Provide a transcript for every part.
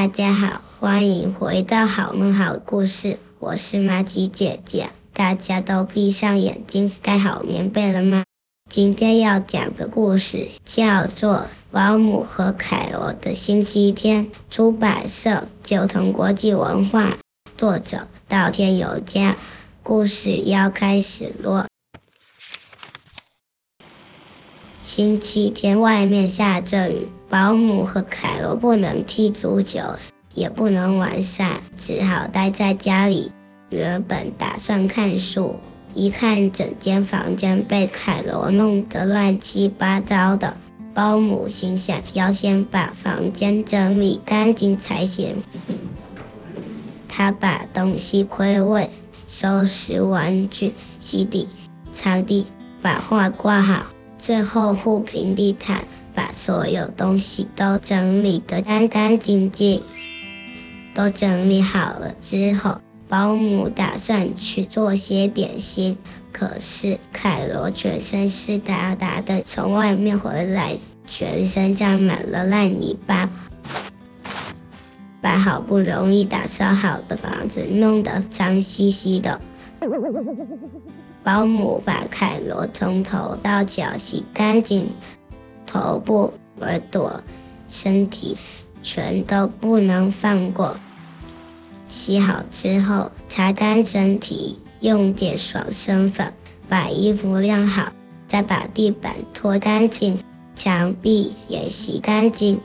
大家好，歡迎回到《好夢好故事》，我是瑪吉姐姐。大家都閉上眼睛，蓋好棉被了嗎？今天要講的故事叫做《包姆和凱羅的星期天》，出版社：九童國際文化，作者：島田由佳。故事要開始囉。星期天外面下着雨，包姆和凱羅不能踢足球，也不能玩耍，只好待在家裡。原本打算看書，一看整間房間被凱羅弄得亂七八糟的，包姆心想要先把房間整理乾淨才行。他把東西歸位，收拾玩具，洗地、擦地，把畫掛好。最後鋪平地毯，把所有東西都整理得干干淨淨。都整理好了之後，包姆打算去做些點心，可是凱羅全身濕噠噠的，從外面回來，全身沾滿了爛泥巴，把好不容易打掃好的房子弄得髒兮兮的。包姆把凱羅從頭到腳洗乾淨，頭部、耳朵、身體全都不能放過。洗好之後，擦乾身體，用點爽身粉，把衣服晾好，再把地板拖乾淨，牆壁也洗乾淨。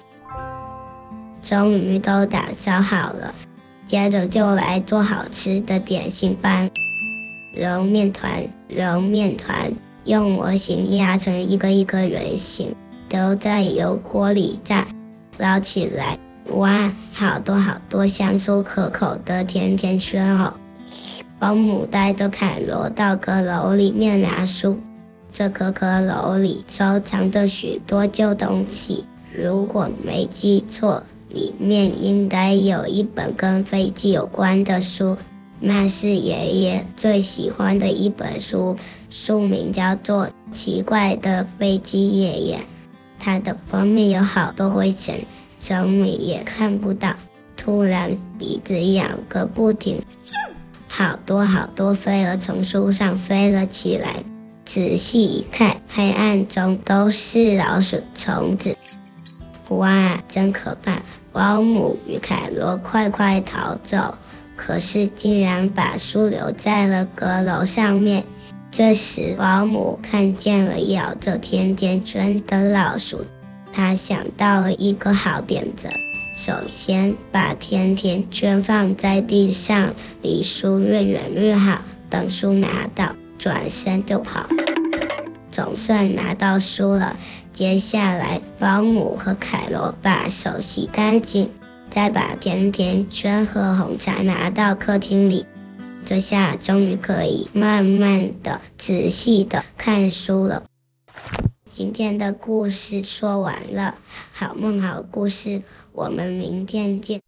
終於都打掃好了，接着就來做好吃的點心吧。揉麵糰，揉麵糰，用模型壓成一個一個圓形，都在油鍋裡炸，撈起來，哇，好多好多香酥可口的甜甜圈哦！包姆帶着凱羅到閣樓裡面拿書，這閣閣樓裡收藏着許多舊東西，如果沒記錯，裡面應該有一本跟飛機有關的書。那是爺爺最喜歡的一本書，書名叫做《奇怪的飛機爺爺》。他的封面有好多灰塵，小米也看不到。突然，鼻子癢個不停，好多好多飛蛾從書上飛了起來。仔細一看，黑暗中都是老鼠、蟲子。哇，真可怕！包姆與凱羅快快逃走，可是竟然把書留在了閣樓上面。這時，包姆看見了咬着甜甜圈的老鼠，他想到了一個好點子：首先把甜甜圈放在地上，離書越遠越好。等書拿到，轉身就跑。總算拿到書了，接下來包姆和凱羅把手洗乾淨，再把甜甜圈和紅茶拿到客廳裡。這下終於可以慢慢的、仔細的看書了。今天的故事說完了，好夢好故事，我們明天見。